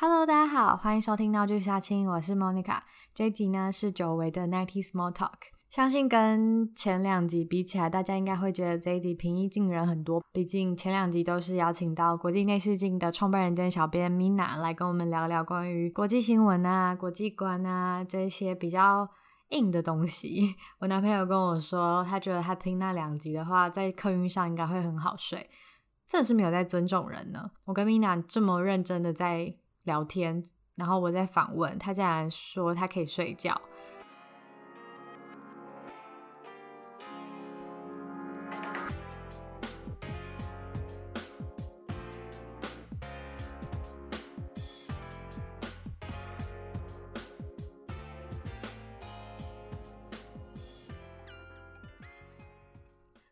Hello，大家好，歡迎收聽鬧劇殺青，我是 Monica。這一集呢是久違的 Nighty Small Talk。相信跟前兩集比起來，大家應該會覺得這一集平易近人很多。畢竟前兩集都是邀請到國際內視鏡的創辦人兼小編 Mina 來跟我們聊聊關於國際新聞啊、國際觀啊這些比較硬的東西。 我男朋友跟我說，他覺得他聽那兩集的話，在客運上應該會很好睡。這是沒有在尊重人呢。我跟 Mina 這麼認真的在。聊天，然後我在訪問他，竟然說他可以睡覺。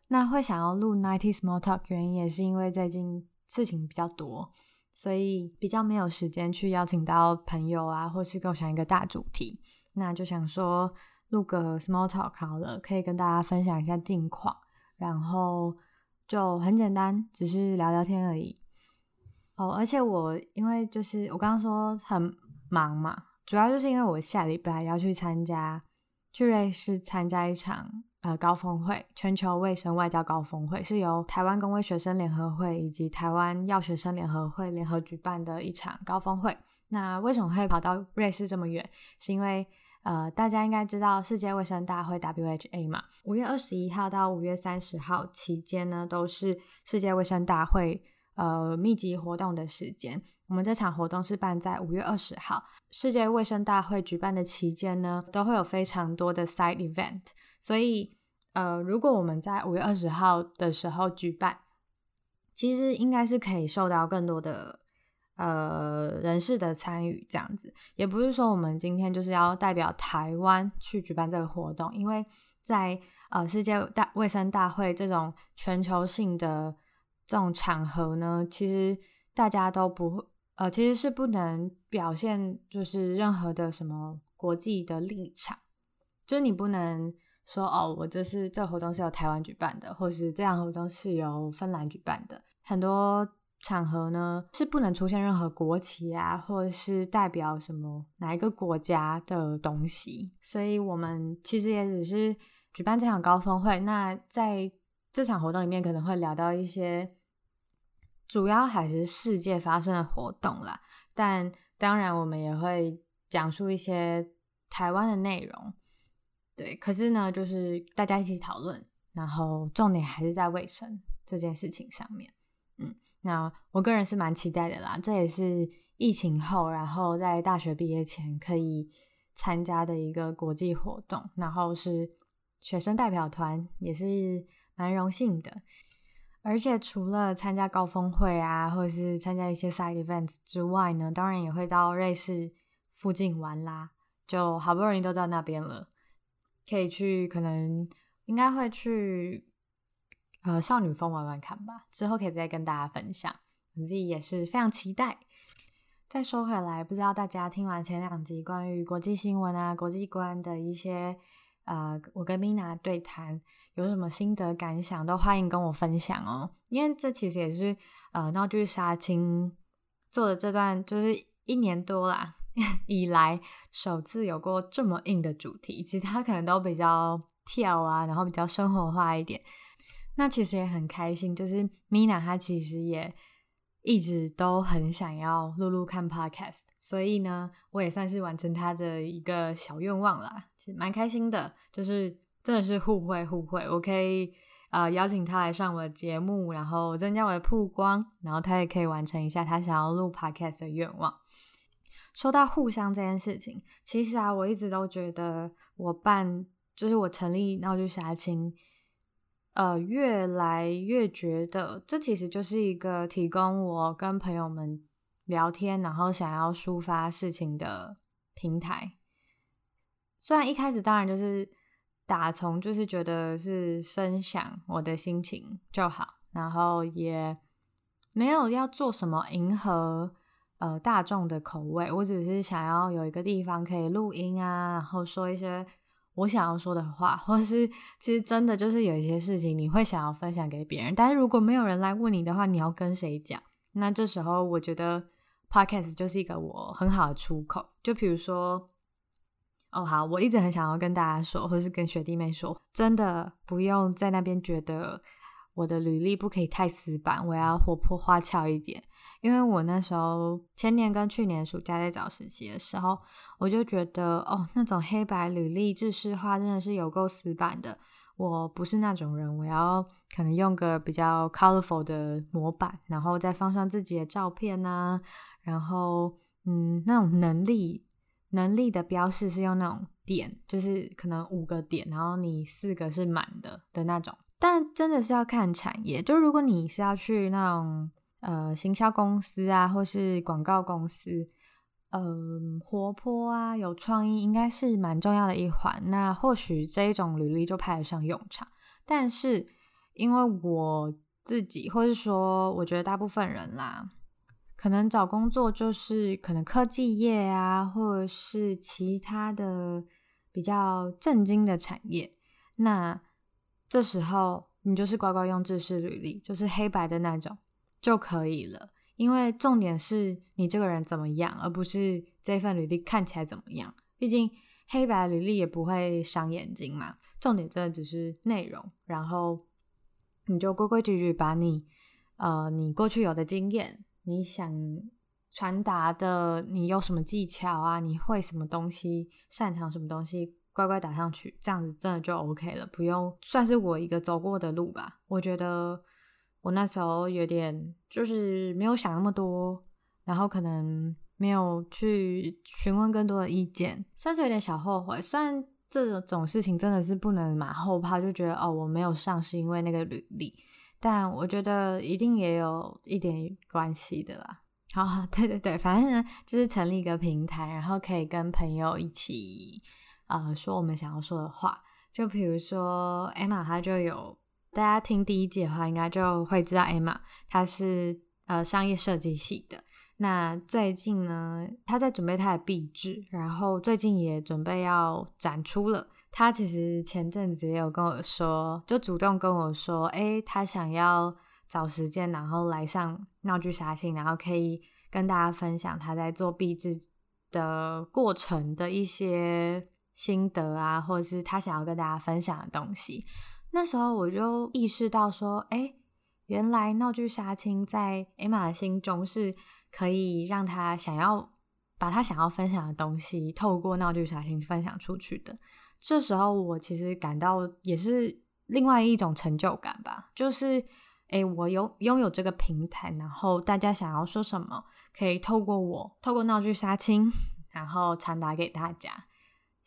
那會想要錄《Nighty Small Talk》原因也是因為最近事情比較多。所以比較沒有時間去邀請到朋友啊，或是構想一個大主題，那就想說錄個 small talk 好了，可以跟大家分享一下近況，然後就很簡單，只是聊聊天而已。哦，而且我因為就是我剛剛說很忙嘛，主要就是因為我下禮拜要去參加，去瑞士參加一場。呃，高峰會全球衛生外交高峰會，是由台灣公衛學生聯合會以及台灣藥學生聯合會聯合舉辦的一場高峰會。那為什麼會跑到瑞士這麼遠？是因為呃，大家應該知道世界衛生大會 WHA 嘛？五月二十一號到五月三十號期間呢，都是世界衛生大會呃密集活動的時間。我們這場活動是辦在五月二十號，世界衛生大會舉辦的期間呢，都會有非常多的 side event，所以。呃，如果我們在五月二十號的時候舉辦，其實應該是可以受到更多的呃人士的參與。這樣子也不是說我們今天就是要代表台灣去舉辦這個活動，因為在呃世界大衛生大會這種全球性的這種場合呢，其實大家都不會呃，其實是不能表現就是任何的什麼國際的立場，就是你不能。說哦，我這是這個，活動是由台灣舉辦的，或是這樣活動是由芬蘭舉辦的。很多場合呢是不能出現任何國旗啊，或是代表什麼哪一個國家的東西。所以，我們其實也只是舉辦這場高峰會。那在這場活動裡面，可能會聊到一些主要還是世界發生的活動啦，但當然我們也會講述一些台灣的內容。對，可是呢，就是大家一起討論，然後重點還是在衛生這件事情上面。嗯，那我個人是蠻期待的啦，這也是疫情後，然後在大學畢業前可以參加的一個國際活動，然後是學生代表團，也是蠻榮幸的。而且除了參加高峰會啊，或者是參加一些 side events 之外呢，當然也會到瑞士附近玩啦，就好不容易都到那邊了。可以去，可能應該會去，呃，少女峰玩玩看吧。之後可以再跟大家分享，我自己也是非常期待。再說回來，不知道大家聽完前兩集關於國際新聞啊、國際觀的一些，呃，我跟米娜對談有什麼心得感想，都歡迎跟我分享哦。因為這其實也是，呃，鬧劇殺青做的這段就是一年多啦。以來首次有過這麼硬的主題，其他可能都比較跳啊，然後比較生活化一點。那其實也很開心，就是 Mina 她其實也一直都很想要錄錄看 Podcast，所以呢，我也算是完成她的一個小願望啦，其實蠻開心的。就是真的是互惠互惠，我可以呃，邀請她來上我的節目，然後增加我的曝光，然後她也可以完成一下她想要錄 Podcast 的願望。說到互相這件事情，其實啊，我一直都覺得我辦，就是我成立鬧劇殺青，呃，越來越覺得這其實就是一個提供我跟朋友們聊天，然後想要抒發事情的平台。雖然一開始當然就是打從就是覺得是分享我的心情就好，然後也沒有要做什麼迎合。呃，大眾的口味，我只是想要有一個地方可以錄音啊，然後說一些我想要說的話，或是其實真的就是有一些事情你會想要分享給別人，但是如果沒有人來問你的話，你要跟誰講？那這時候我覺得 podcast 就是一個我很好的出口。就比如說，哦好，我一直很想要跟大家說，或是跟學弟妹說，真的不用在那邊覺得，我的履歷不可以太死板，我要活潑花俏一點。因為我那時候前年跟去年暑假在找實習的時候，我就覺得哦，那種黑白履歷、制式化真的是有夠死板的。我不是那種人，我要可能用個比較 colorful 的模板，然後再放上自己的照片吶、啊。然後，嗯，那種能力能力的標示是用那種點，就是可能五個點，然後你四個是滿的的那種。但真的是要看產業，就是如果你是要去那種呃行銷公司啊，或是廣告公司，嗯、呃，活潑啊有創意，應該是蠻重要的一環。那或許這一種履歷就派得上用場。但是因為我自己，或是說我覺得大部分人啦、啊，可能找工作就是可能科技業啊，或者是其他的比較正經的產業，那。這時候你就是乖乖用制式履歷，就是黑白的那種就可以了。因為重點是你這個人怎麼樣，而不是這份履歷看起來怎麼樣。畢竟黑白履歷也不會傷眼睛嘛。重點真的只是內容，然後你就規規矩矩把你呃你過去有的經驗，你想傳達的，你有什麼技巧啊？你會什麼東西？擅長什麼東西？乖乖打上去，這樣子真的就 OK 了，不用。算是我一個走過的路吧。我覺得我那時候有點就是沒有想那麼多，然後可能沒有去詢問更多的意見，算是有點小後悔。雖然這種事情真的是不能馬後炮，就覺得哦我沒有上是因為那個履歷，但我覺得一定也有一點關係的啦。啊，對對對，反正就是成立一個平台，然後可以跟朋友一起，呃，說我們想要說的話，就比如說艾瑪，她就有大家聽第一季的話，應該就會知道艾瑪她是呃商業設計系的。那最近呢，她在準備她的畢製，然後最近也準備要展出了。她其實前陣子也有跟我說，就主動跟我說，誒她想要找時間，然後來上鬧劇殺青，然後可以跟大家分享她在做畢製的過程的一些。心得啊，或者是他想要跟大家分享的東西。那時候我就意識到說：“哎、欸，原來鬧劇殺青在艾瑪的心中是可以讓他想要把他想要分享的東西透過鬧劇殺青分享出去的。”這時候我其實感到也是另外一種成就感吧，就是哎、欸，我有擁有這個平台，然後大家想要說什麼，可以透過我，透過鬧劇殺青，然後傳達給大家。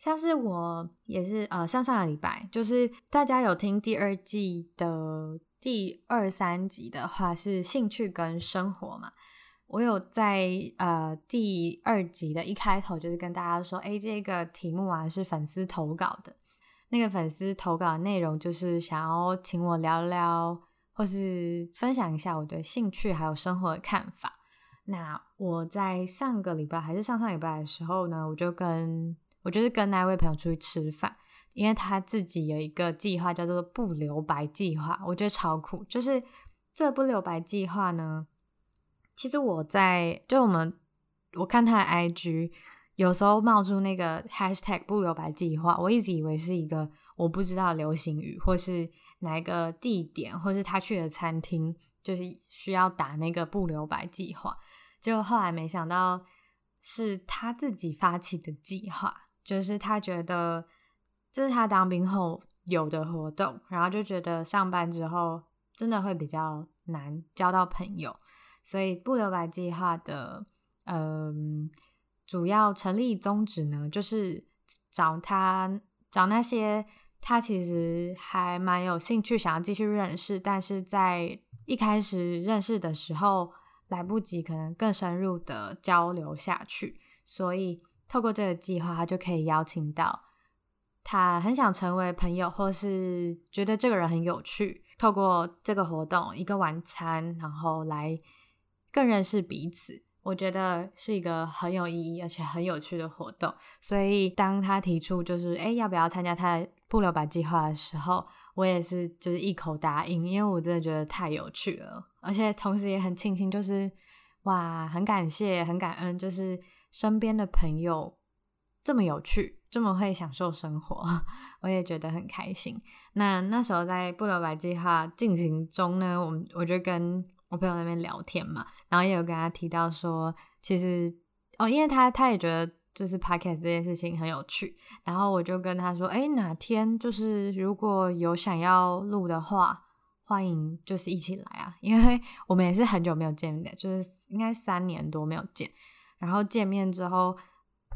像是我也是呃，上上個禮拜，就是大家有聽第二季的第二三集的話，是興趣跟生活嘛。我有在呃第二集的一開頭，就是跟大家說，誒，這個題目啊是粉絲投稿的，那個粉絲投稿的內容就是想要請我聊聊，或是分享一下我對興趣還有生活的看法。那我在上個禮拜還是上上禮拜的時候呢，我就跟。我就是跟那位朋友出去吃飯，因為他自己有一個計劃叫做“不留白計劃”，我覺得超酷。就是這“不留白計劃”呢，其實我在就我們我看他的 IG 有時候冒出那個 hashtag 不留白計劃，我一直以為是一個我不知道流行語，或是哪一個地點，或是他去的餐廳，就是需要打那個“不留白計劃”。就後來沒想到是他自己發起的計劃。就是他覺得這是他當兵後有的活動，然後就覺得上班之後真的會比較難交到朋友，所以不留白計劃的嗯、呃、主要成立宗旨呢，就是找他找那些他其實還蠻有興趣想要繼續認識，但是在一開始認識的時候來不及，可能更深入的交流下去，所以。透過這個計劃，他就可以邀請到他很想成為朋友，或是覺得這個人很有趣。透過這個活動，一個晚餐，然後來更認識彼此。我覺得是一個很有意義而且很有趣的活動。所以，當他提出就是，誒，要不要參加他的不留白計劃的時候，我也是就是一口答應，因為我真的覺得太有趣了，而且同時也很慶幸，就是哇，很感謝，很感恩，就是。身邊的朋友這麼有趣，這麼會享受生活，我也覺得很開心。那那時候在不留白計劃進行中呢，我們我就跟我朋友那邊聊天嘛，然後也有跟他提到說，其實哦，因為他他也覺得就是 Podcast 這件事情很有趣，然後我就跟他說，誒，哪天就是如果有想要錄的話，歡迎就是一起來啊，因為我們也是很久沒有見面，就是應該三年多沒有見。然後見面之後，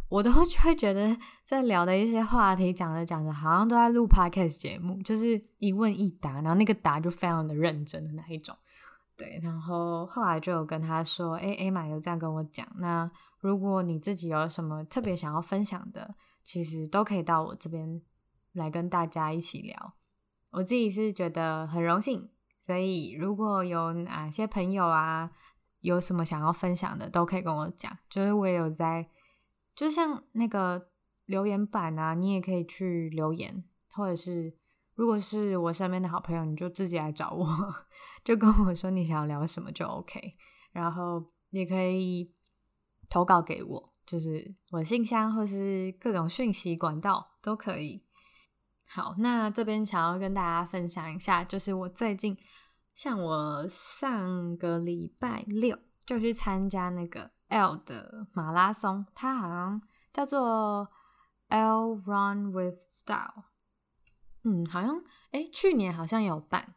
我都會覺得在聊的一些話題，講着講着，好像都在錄 Podcast 節目，就是一問一答，然後那個答就非常的認真的那一種。對，然後後來就有跟他說：“誒誒媽有這樣跟我講，那如果你自己有什麼特別想要分享的，其實都可以到我這邊來跟大家一起聊。我自己是覺得很榮幸，所以如果有哪些朋友啊。”有什麼想要分享的，都可以跟我講。就是我也有在，就像那個留言板啊，你也可以去留言，或者是如果是我身邊的好朋友，你就自己來找我，就跟我說你想要聊什麼就 OK。然後也可以投稿給我，就是我信箱或是各種訊息管道都可以。好，那這邊想要跟大家分享一下，就是我最近。像我上個禮拜六就去參加那個 ELLE 的馬拉松，它好像叫做 ELLE Run with Style，嗯，好像，誒，去年好像有辦，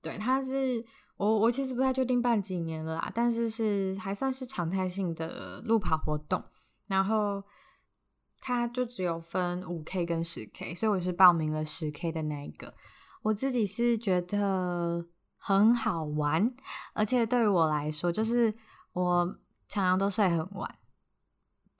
對，它是我我其實不太確定辦幾年了啦，但是是還算是常態性的路跑活動，然後它就只有分五 K 跟十 K，所以我是報名了十 K 的那一個，我自己是覺得，很好玩，而且對於我來說，就是我常常都睡很晚，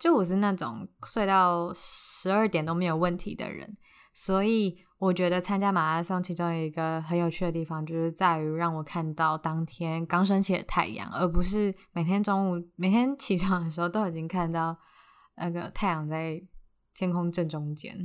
就我是那種睡到十二點都沒有問題的人，所以我覺得參加馬拉松其中有一個很有趣的地方，就是在於讓我看到當天剛升起的太陽，而不是每天中午每天起床的時候都已經看到那個太陽在天空正中間，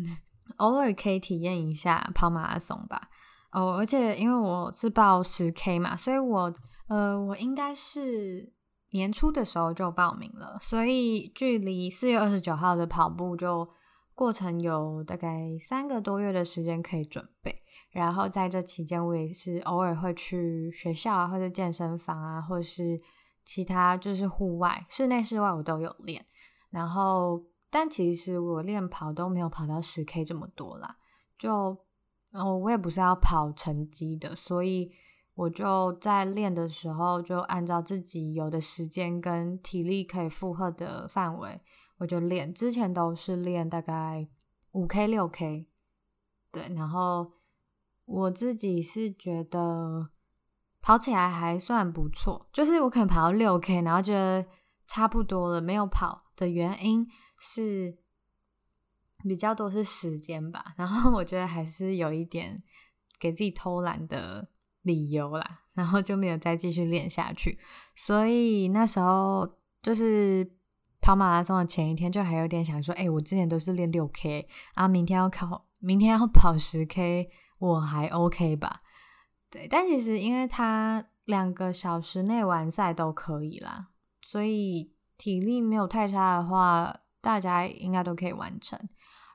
偶爾可以體驗一下跑馬拉松吧。哦，而且因為我是報十 K 嘛，所以我呃，我應該是年初的時候就報名了，所以距離四月二十九號的跑步，就過程有大概三個多月的時間可以準備。然後在這期間，我也是偶爾會去學校啊，或者健身房啊，或者是其他就是戶外、室內、室外我都有練。然後，但其實我練跑都沒有跑到十 K 這麼多啦，就。哦，oh, 我也不是要跑成績的，所以我就在練的時候，就按照自己有的時間跟體力可以負荷的範圍，我就練。之前都是練大概五 k 六 k，對，然後我自己是覺得跑起來還算不錯，就是我可能跑到六 k，然後覺得差不多了，沒有跑的原因是。比較多是時間吧，然後我覺得還是有一點給自己偷懶的理由啦，然後就沒有再繼續練下去。所以那時候就是跑馬拉松的前一天，就還有點想說：“哎、欸，我之前都是練六 K，啊，明天要考，明天要跑十 K，我還 OK 吧？”對，但其實因為他兩個小時內完賽都可以啦，所以體力沒有太差的話，大家應該都可以完成。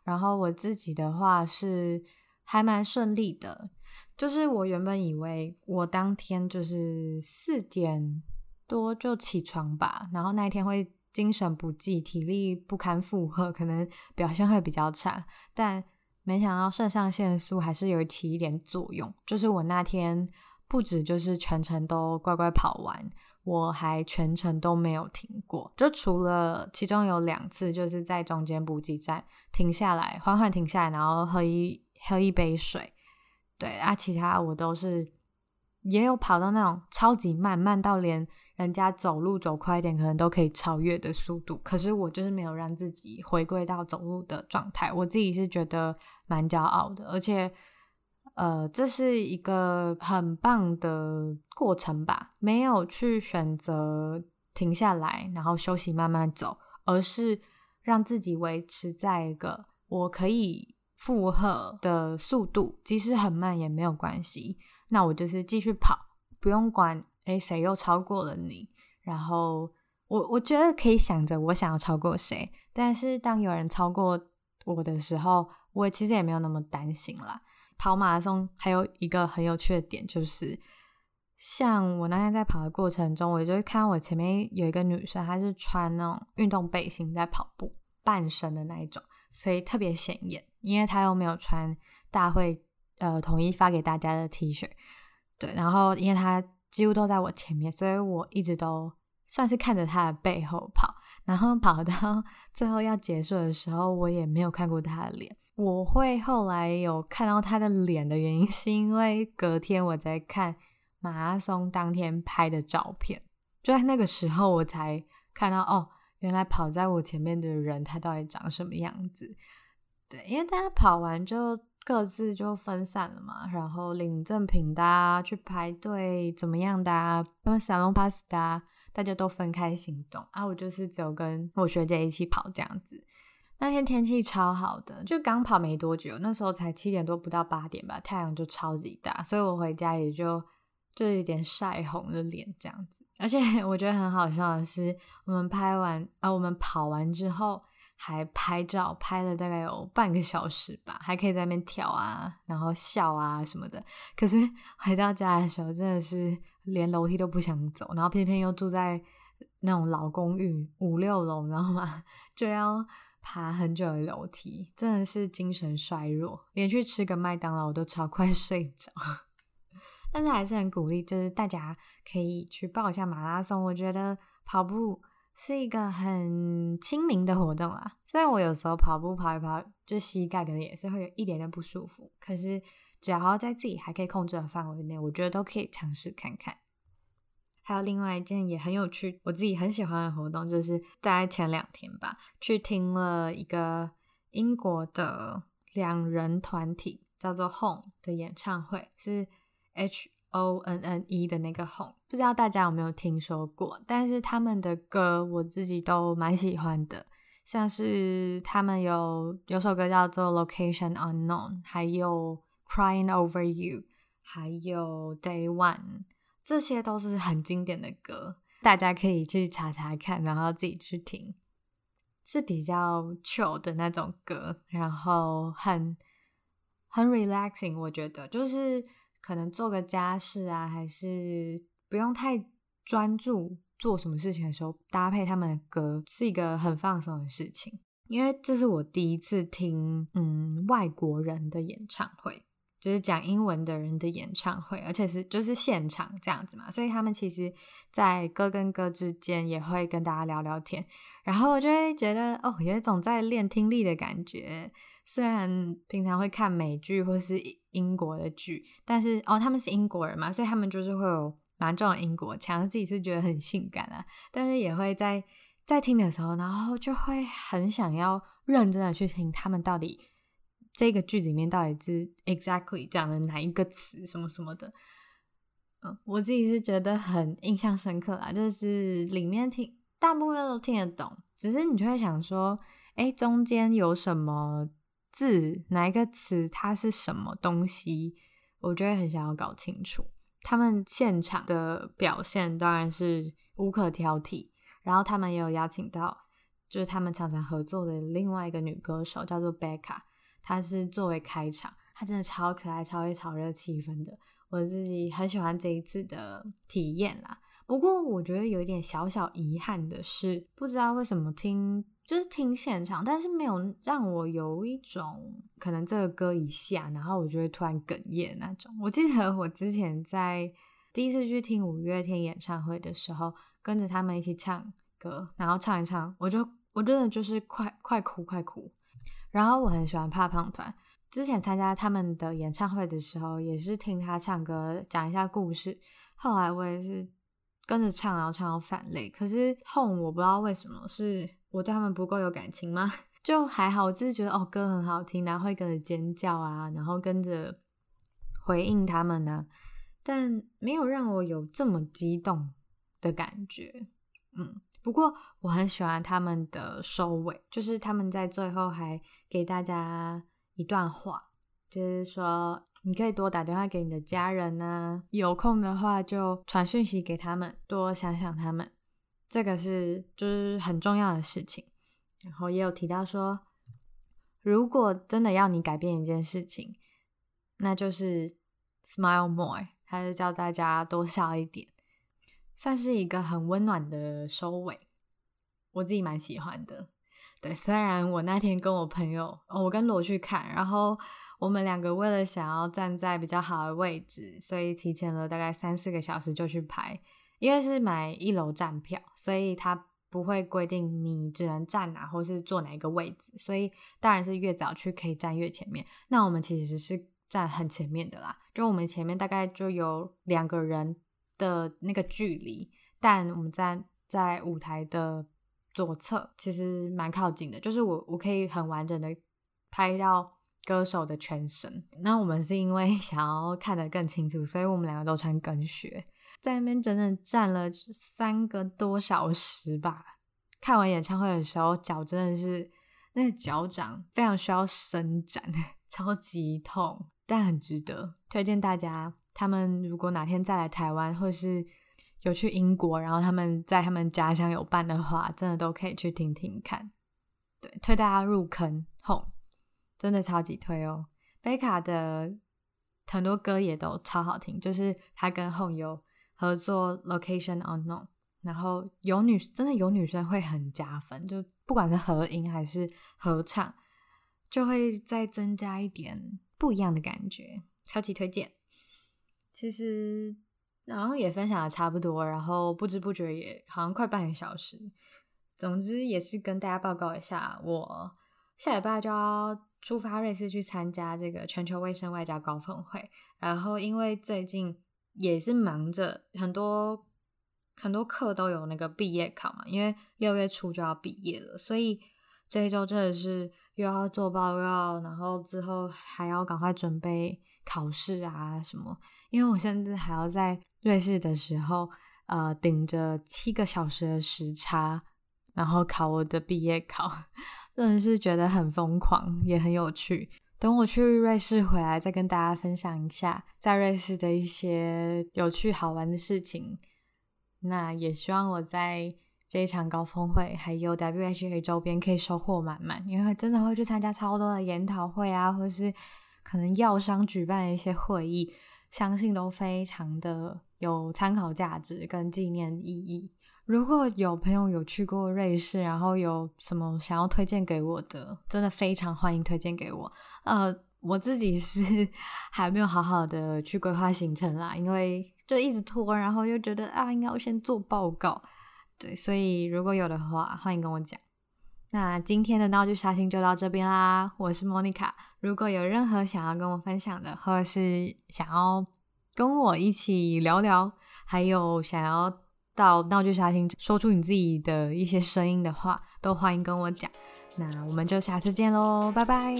然後我自己的話是還蠻順利的，就是我原本以為我當天就是四點多就起床吧，然後那一天會精神不濟、體力不堪負荷，可能表現會比較差。但沒想到腎上腺素還是有起一點作用，就是我那天不止就是全程都乖乖跑完。我還全程都沒有停過，就除了其中有兩次，就是在中間補給站停下來，緩緩停下來，然後喝一喝一杯水。對，啊，其他我都是也有跑到那種超級慢慢到連人家走路走快一點可能都可以超越的速度，可是我就是沒有讓自己回歸到走路的狀態，我自己是覺得蠻驕傲的，而且。呃，這是一個很棒的過程吧？沒有去選擇停下來，然後休息，慢慢走，而是讓自己維持在一個我可以負荷的速度，即使很慢也沒有關係。那我就是繼續跑，不用管，哎，誰又超過了你。然後我我覺得可以想着我想要超過誰，但是當有人超過我的時候，我其實也沒有那麼擔心啦。跑馬拉松還有一個很有趣的點，就是像我那天在跑的過程中，我就會看到我前面有一個女生，她是穿那種運動背心在跑步，半身的那一種，所以特別顯眼，因為她又沒有穿大會呃統一發給大家的 T 恤，對，然後因為她幾乎都在我前面，所以我一直都算是看着她的背後跑，然後跑到最後要結束的時候，我也沒有看過她的臉。我會後來有看到他的臉的原因，是因為隔天我在看馬拉松當天拍的照片，就在那個時候我才看到哦，原來跑在我前面的人他到底長什麼樣子？對，因為大家跑完就各自就分散了嘛，然後領贈品的啊，去排隊怎麼樣的啊，那麼撒隆巴斯的、啊，大家都分開行動啊，我就是只有跟我學姐一起跑這樣子。那天天氣超好的，就剛跑沒多久，那時候才七點多，不到八點吧，太陽就超級大，所以我回家也就就有點曬紅的臉這樣子。而且我覺得很好笑的是，我們拍完啊，我們跑完之後還拍照，拍了大概有半個小時吧，還可以在那邊跳啊，然後笑啊什麼的。可是回到家的時候，真的是連樓梯都不想走，然後偏偏又住在那種老公寓五六樓，你知道嗎？就要。爬很久的樓梯，真的是精神衰弱，連去吃個麥當勞我都超快睡着。但是還是很鼓勵，就是大家可以去報一下馬拉松。我覺得跑步是一個很親民的活動啊。雖然我有時候跑步跑一跑，就膝蓋可能也是會有一點點不舒服，可是只要在自己還可以控制的範圍內，我覺得都可以嘗試看看。還有另外一件也很有趣，我自己很喜歡的活動，就是大概前兩天吧，去聽了一個英國的兩人團體，叫做 Hone 的演唱會，是 H O N N E 的那個 Hone，不知道大家有沒有聽說過？但是他們的歌我自己都蠻喜歡的，像是他們有有首歌叫做 Location Unknown，還有 Crying Over You，還有 Day One。這些都是很經典的歌，大家可以去查查看，然後自己去聽，是比較 chill 的那種歌，然後很很 relaxing。我覺得就是可能做個家事啊，還是不用太專注做什麼事情的時候，搭配他們的歌是一個很放鬆的事情。因為這是我第一次聽嗯外國人的演唱會。就是講英文的人的演唱會，而且是就是現場這樣子嘛，所以他們其實，在歌跟歌之間也會跟大家聊聊天，然後我就會覺得哦，有一種在練聽力的感覺。雖然平常會看美劇或是英國的劇，但是哦，他們是英國人嘛，所以他們就是會有蠻重的英國腔，自己是覺得很性感啊，但是也會在在聽的時候，然後就會很想要認真的去聽他們到底。這個劇裡面到底是 exactly 講的哪一個詞什麼什麼的？嗯，我自己是覺得很印象深刻啊，就是裡面聽大部分都聽得懂，只是你就會想說，哎，中間有什麼字，哪一個詞它是什麼東西？我覺得很想要搞清楚。他們現場的表現當然是無可挑剔，然後他們也有邀請到，就是他們常常合作的另外一個女歌手叫做 Becca。他是作為開場，他真的超可愛、超會炒熱氣氛的，我自己很喜歡這一次的體驗啦。不過我覺得有一點小小遺憾的是，不知道為什麼聽就是聽現場，但是沒有讓我有一種可能這個歌一下，然後我就會突然哽咽那種。我記得我之前在第一次去聽五月天演唱會的時候，跟着他們一起唱歌，然後唱一唱，我就我真的就是快快哭快哭。快哭然後我很喜歡怕胖團，之前參加他們的演唱會的時候，也是聽他唱歌，講一下故事。後來我也是跟着唱，然後唱到反淚。可是後，我不知道為什麼，是我對他們不夠有感情嗎？就還好，我只是覺得哦，歌很好聽，然後會跟着尖叫啊，然後跟着回應他們呢、啊，但沒有讓我有這麼激動的感覺，嗯。不過我很喜歡他們的收尾，就是他們在最後還給大家一段話，就是說你可以多打電話給你的家人呢、啊，有空的話就傳訊息給他們，多想想他們，這個是就是很重要的事情。然後也有提到說，如果真的要你改變一件事情，那就是 smile more，還是叫大家多笑一點。算是一個很溫暖的收尾，我自己蠻喜歡的。對，雖然我那天跟我朋友，哦，我跟羅去看，然後我們兩個為了想要站在比較好的位置，所以提前了大概三四個小時就去排。因為是買一樓站票，所以他不會規定你只能站哪或是坐哪一個位置，所以當然是越早去可以站越前面。那我們其實是站很前面的啦，就我們前面大概就有兩個人。的那個距離，但我們在在舞台的左側，其實蠻靠近的，就是我我可以很完整的拍到歌手的全身。那我們是因為想要看得更清楚，所以我們兩個都穿高跟鞋，在那邊整整站了三個多小時吧。看完演唱會的時候，腳真的是那個腳掌非常需要伸展，超級痛，但很值得，推薦大家。他們如果哪天再來台灣，或是有去英國，然後他們在他們家鄉有辦的話，真的都可以去聽聽看。對，推大家入坑，HONNE 真的超級推哦。貝卡的很多歌也都超好聽，就是他跟 HONNE 有合作，Location Unknown，然後有女真的有女生會很加分，就不管是合音還是合唱，就會再增加一點不一樣的感覺，超級推薦。其實，然後也分享的差不多，然後不知不覺也好像快半個小時。總之也是跟大家報告一下，我下禮拜就要出發瑞士去參加這個全球衛生外交高峰會。然後因為最近也是忙着很多很多課都有那個畢業考嘛，因為六月初就要畢業了，所以。這一周真的是又要做報告，然後之後還要趕快準備考試啊什麼。因為我甚至還要在瑞士的時候，呃，頂着七個小時的時差，然後考我的畢業考，真的是覺得很瘋狂，也很有趣。等我去瑞士回來，再跟大家分享一下在瑞士的一些有趣好玩的事情。那也希望我在。這一場高峰會還有 WHA 周邊可以收穫滿滿，因為真的會去參加超多的研討會啊，或是可能藥商舉辦的一些會議，相信都非常的有參考價值跟紀念意義。如果有朋友有去過瑞士，然後有什麼想要推薦給我的，真的非常歡迎推薦給我。呃，我自己是還沒有好好的去規劃行程啦，因為就一直拖，然後又覺得啊，應該要先做報告。對，所以如果有的話，歡迎跟我講。那今天的鬧劇殺青就到這邊啦，我是莫妮卡。如果有任何想要跟我分享的，或者是想要跟我一起聊聊，還有想要到鬧劇殺青說出你自己的一些聲音的話，都歡迎跟我講。那我們就下次見嘍，拜拜。